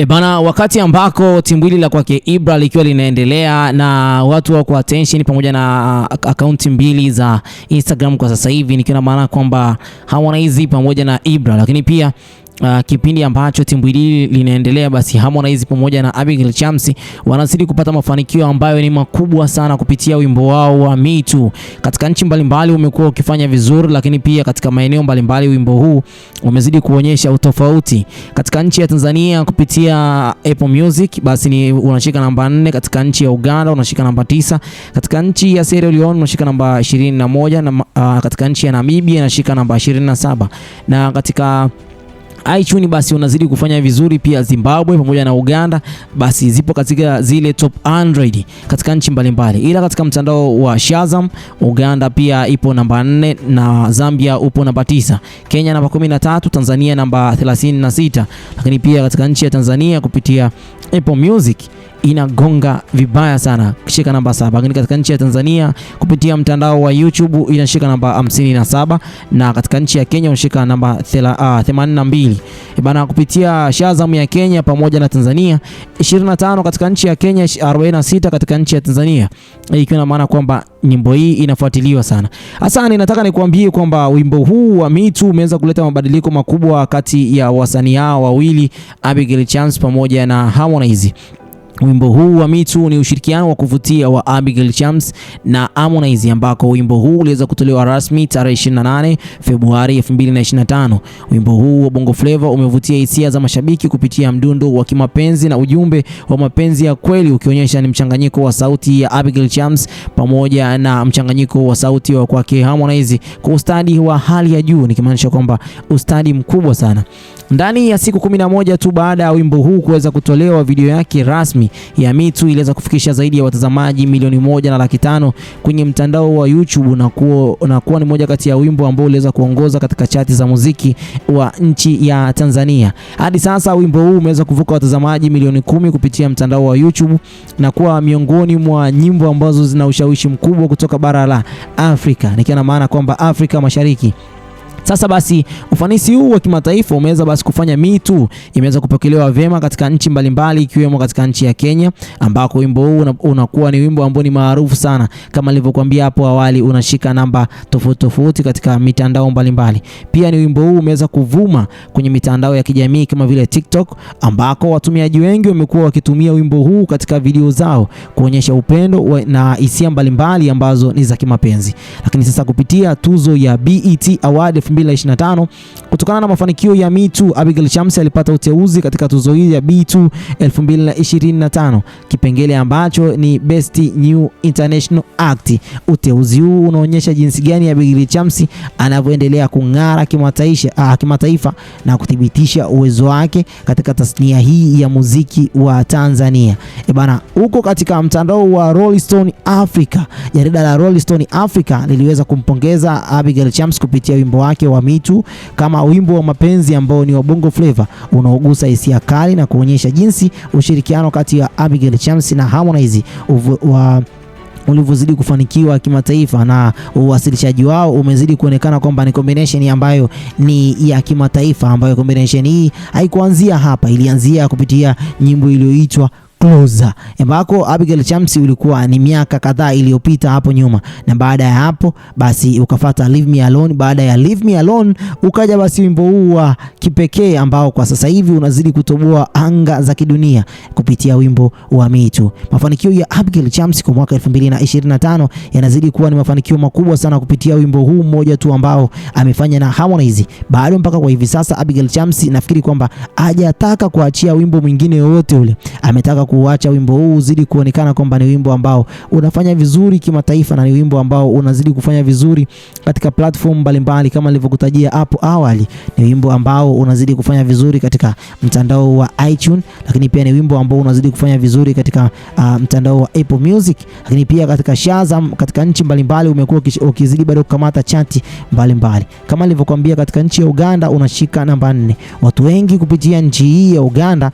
E bana, wakati ambako timu hili la kwake Ibra likiwa linaendelea na watu wako attention pamoja na uh, akaunti mbili za Instagram kwa sasa hivi, nikiwa na maana kwamba Harmonize pamoja na Ibra, lakini pia uh, kipindi ambacho timu hili linaendelea, basi Harmonize pamoja na Abigail Chams wanazidi kupata mafanikio ambayo ni makubwa sana kupitia wimbo wao wa Me Too. Katika nchi mbalimbali umekuwa ukifanya vizuri, lakini pia katika maeneo mbalimbali wimbo huu umezidi kuonyesha utofauti. Katika nchi ya Tanzania kupitia Apple Music basi ni unashika namba 4, katika nchi ya Uganda unashika namba tisa, katika nchi ya Sierra Leone unashika namba 21 na, uh, katika nchi ya Namibia inashika namba 27 na katika iTunes basi unazidi kufanya vizuri pia. Zimbabwe pamoja na Uganda basi zipo katika zile top 100 katika nchi mbalimbali, ila katika mtandao wa Shazam Uganda pia ipo namba 4 na Zambia upo namba tisa Kenya namba 13, Tanzania namba 36, lakini pia katika nchi ya Tanzania kupitia Apple Music inagonga vibaya sana kishika namba saba, lakini katika nchi ya Tanzania kupitia mtandao wa YouTube inashika namba 57 na katika nchi ya Kenya unashika namba 82. Ah, e bana kupitia Shazam ya Kenya pamoja na Tanzania 25 katika nchi ya Kenya, 46 katika nchi ya Tanzania, e, ikiwa na maana kwamba nyimbo hii inafuatiliwa sana. Hasa ninataka nikuambie kwamba wimbo huu wa Me Too kuleta mabadiliko makubwa kati ya wasanii hao wawili Abigail Chance pamoja na Harmonize. Wimbo huu wa mitu ni ushirikiano wa kuvutia wa Abigail Chams na Harmonize ambako wimbo huu uliweza kutolewa rasmi tarehe 28 Februari 2025. Wimbo huu wa Bongo Flava umevutia hisia za mashabiki kupitia mdundo wa kimapenzi na ujumbe wa mapenzi ya kweli ukionyesha ni mchanganyiko wa sauti ya Abigail Chams pamoja na mchanganyiko wa sauti wa kwake Harmonize kwa ustadi wa hali ya juu, nikimaanisha kwamba ustadi mkubwa sana. Ndani ya siku 11 tu baada ya wimbo huu kuweza kutolewa, video yake rasmi ya Me Too iliweza kufikisha zaidi ya watazamaji milioni moja na laki tano kwenye mtandao wa YouTube na kuwa, na kuwa ni moja kati ya wimbo ambao uliweza kuongoza katika chati za muziki wa nchi ya Tanzania. Hadi sasa wimbo huu umeweza kuvuka watazamaji milioni kumi kupitia mtandao wa YouTube na kuwa miongoni mwa nyimbo ambazo zina ushawishi mkubwa kutoka bara la Afrika, nikiwa na maana kwamba Afrika Mashariki. Sasa basi ufanisi huu wa kimataifa umeweza basi kufanya Me Too imeweza kupokelewa vyema katika nchi mbalimbali ikiwemo katika nchi ya Kenya ambako wimbo huu unakuwa ni wimbo ambao ni maarufu sana kama nilivyokuambia hapo awali, unashika namba tofauti tofauti katika mitandao mbalimbali mbali. Pia ni wimbo huu umeweza kuvuma kwenye mitandao ya kijamii kama vile TikTok ambako watumiaji wengi wamekuwa wakitumia wimbo huu katika video zao kuonyesha upendo na hisia mbalimbali ambazo ni za kimapenzi. Lakini sasa kupitia tuzo ya BET Award 2025. Kutokana na mafanikio ya Me Too, Abigail Chams alipata uteuzi katika tuzo hii ya B2 2025, kipengele ambacho ni Best New International Act. Uteuzi huu unaonyesha jinsi gani Abigail Chams anavyoendelea kung'ara kimataifa ah, kimataifa na kuthibitisha uwezo wake katika tasnia hii ya muziki wa Tanzania. E bana, huko katika mtandao wa Rolling Stone Africa, jarida la Rolling Stone Africa liliweza kumpongeza Abigail Chams kupitia wimbo wake wake wa Mitu kama wimbo wa mapenzi ambao ni wa Bongo Flava unaogusa hisia kali na kuonyesha jinsi ushirikiano kati ya Abigail Chams na Harmonize wa ulivyozidi kufanikiwa kimataifa na uwasilishaji wao umezidi kuonekana kwamba ni combination ambayo ni ya kimataifa, ambayo combination hii haikuanzia hapa, ilianzia kupitia nyimbo iliyoitwa closer ambako Abigail Chams ulikuwa ni miaka kadhaa iliyopita hapo nyuma, na baada ya hapo basi ukafata Leave Me Alone. Baada ya Leave Me Alone ukaja basi wimbo huu wa kipekee ambao kwa sasa hivi unazidi kutoboa anga za kidunia kupitia wimbo wa Mitu. Mafanikio ya Abigail Chams kwa mwaka 2025 yanazidi kuwa ni mafanikio makubwa sana kupitia wimbo huu mmoja tu ambao amefanya na Harmonize. Bado mpaka kwa hivi sasa Abigail Chams nafikiri kwamba hajataka kuachia wimbo mwingine yoyote ule, ametaka kuacha wimbo huu uzidi kuonekana kwamba ni wimbo ambao unafanya vizuri kimataifa na ni wimbo ambao unazidi kufanya vizuri katika platform mbalimbali kama nilivyokutajia hapo awali. Ni wimbo ambao unazidi kufanya vizuri katika mtandao wa iTunes, lakini pia ni wimbo ambao unazidi kufanya vizuri katika uh, mtandao wa Apple Music, lakini pia katika Shazam katika nchi mbalimbali umekuwa ukizidi bado kukamata chati mbalimbali. Kama nilivyokuambia, katika nchi ya Uganda unashika namba nne. Watu wengi kupitia nchi hii ya Uganda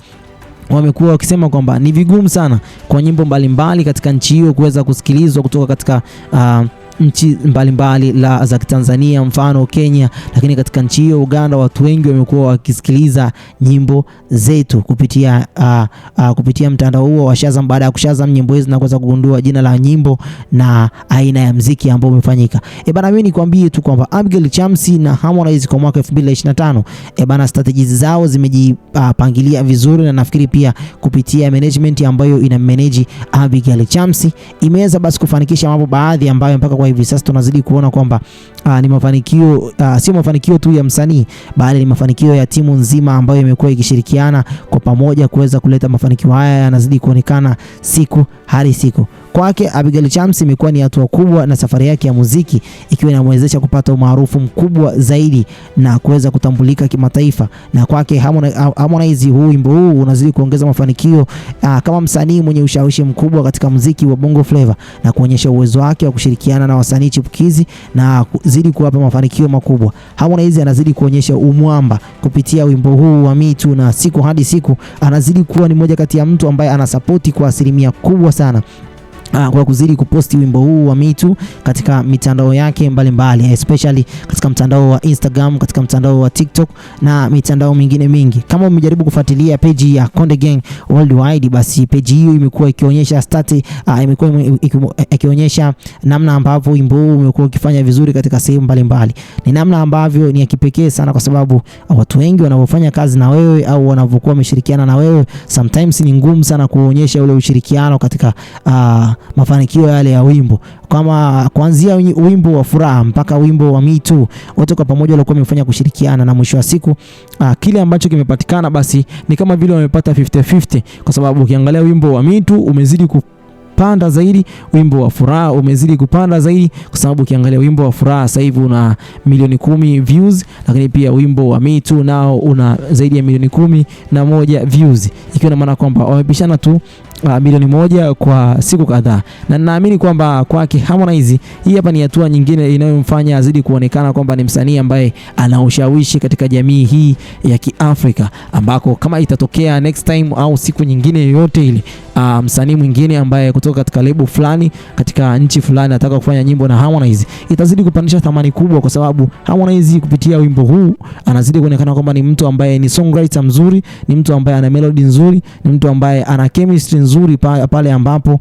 wamekuwa wakisema kwamba ni vigumu sana kwa nyimbo mbalimbali mbali katika nchi hiyo kuweza kusikilizwa kutoka katika uh, nchi mbalimbali la za Tanzania, mfano Kenya, lakini katika nchi hiyo Uganda, watu wengi wamekuwa wakisikiliza nyimbo zetu kupitia uh, uh, kupitia mtandao huo wa Shazam. Baada ya kushazam nyimbo hizi na kuweza kugundua jina la nyimbo na aina ya mziki ambao umefanyika. E bana, mimi nikwambie tu kwamba Abigail Chamsi na Harmonize kwa mwaka 2025 e bana, strategies zao zimejipangilia uh, vizuri, na nafikiri pia kupitia management ambayo ina manage Abigail Chamsi imeweza basi kufanikisha mambo baadhi ambayo mpaka kwa hivi sasa tunazidi kuona kwamba uh, ni mafanikio uh, sio mafanikio tu ya msanii bali ni mafanikio ya timu nzima ambayo imekuwa ikishirikiana kwa pamoja kuweza kuleta mafanikio haya, yanazidi kuonekana siku hadi siku. Kwake Abigail Chams imekuwa ni hatua kubwa na safari yake ya muziki ikiwa inamwezesha kupata umaarufu mkubwa zaidi na kuweza kutambulika kimataifa. Na kwake Harmonize, huu wimbo huu unazidi kuongeza mafanikio aa, ah, kama msanii mwenye ushawishi mkubwa katika muziki wa Bongo Flava na kuonyesha uwezo wake wa kushirikiana na wasanii chipukizi na kuzidi kuwapa mafanikio makubwa. Harmonize anazidi kuonyesha umwamba kupitia wimbo huu wa Mitu, na siku hadi siku anazidi kuwa ni moja kati ya mtu ambaye anasapoti kwa asilimia kubwa sana Ah, kwa kuzidi kuposti wimbo huu wa Mitu katika mitandao yake mbalimbali mbali, especially katika mtandao wa Instagram, katika mtandao wa TikTok na mitandao mingine mingi. Kama umejaribu kufuatilia peji ya Konde Gang Worldwide, basi peji hiyo imekuwa ikionyesha uh, imekuwa ikionyesha namna ambavyo wimbo huu umekuwa ukifanya vizuri katika sehemu mbalimbali. Ni namna ambavyo ni ya kipekee sana, kwa sababu ah, watu wengi wanavyofanya kazi na wewe au wanavyokuwa wameshirikiana na wewe, sometimes ni ngumu sana kuonyesha ule ushirikiano katika uh, mafanikio yale ya wimbo, kama kuanzia wimbo wa furaha mpaka wimbo wa Me Too, wote kwa pamoja walikuwa wamefanya kushirikiana, na mwisho wa siku uh, kile ambacho kimepatikana basi ni kama vile wamepata 50-50 kwa sababu ukiangalia wimbo wa Me Too umezidi ku panda zaidi, wimbo wa furaha umezidi kupanda zaidi, kwa sababu ukiangalia wimbo wa furaha sasa hivi una milioni kumi views, lakini pia wimbo wa Me Too nao una zaidi ya milioni kumi na moja views, ikiwa na maana kwamba wamepishana tu uh, milioni moja kwa siku kadhaa, na ninaamini kwamba kwake Harmonize hii hapa ni hatua nyingine inayomfanya azidi kuonekana kwamba ni msanii ambaye ana ushawishi katika jamii hii ya Kiafrika, ambako kama itatokea next time au siku nyingine yoyote ile uh, msanii mwingine ambaye kutoka katika lebo fulani katika nchi fulani anataka kufanya nyimbo na Harmonize, itazidi kupandisha thamani kubwa, kwa sababu Harmonize kupitia wimbo huu anazidi kuonekana kwamba ni mtu ambaye ni songwriter mzuri, ni mtu ambaye ana melody nzuri, ni mtu ambaye ana chemistry nzuri nzuri pale, ambapo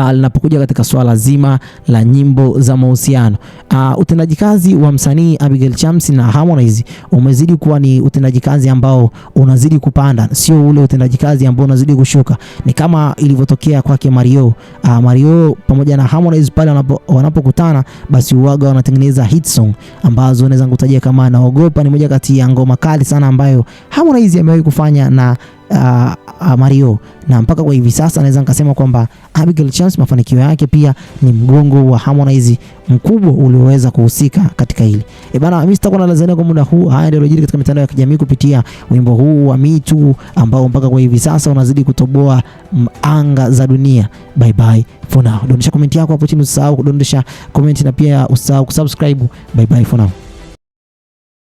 Uh, linapokuja katika swala zima la nyimbo za mahusiano uh, utendaji kazi wa msanii Abigail Chams na Harmonize umezidi kuwa ni utendaji kazi ambao unazidi kupanda, sio ule utendaji kazi ambao unazidi kushuka. Ni kama ilivyotokea kwake Mario. Uh, Mario pamoja na Harmonize pale wanapokutana wanapo, basi uwaga wanatengeneza hit song ambazo naweza kutajia kama naogopa, ni moja kati ya ngoma kali sana ambayo Harmonize amewahi kufanya na uh, uh, Mario na mpaka kwa hivi sasa naweza nikasema kwamba Abigail Chams mafanikio yake pia ni mgongo wa Harmonize mkubwa ulioweza kuhusika katika hili. E bana, mimi sitakuwa na lazania kwa muda huu. Haya ndio yaliyojiri katika mitandao ya kijamii kupitia wimbo huu wa Me Too ambao mpaka kwa hivi sasa unazidi kutoboa anga za dunia. Bye bye for now. Dondosha komenti yako hapo chini, usahau kudondosha komenti na pia usahau kusubscribe. Bye bye for now.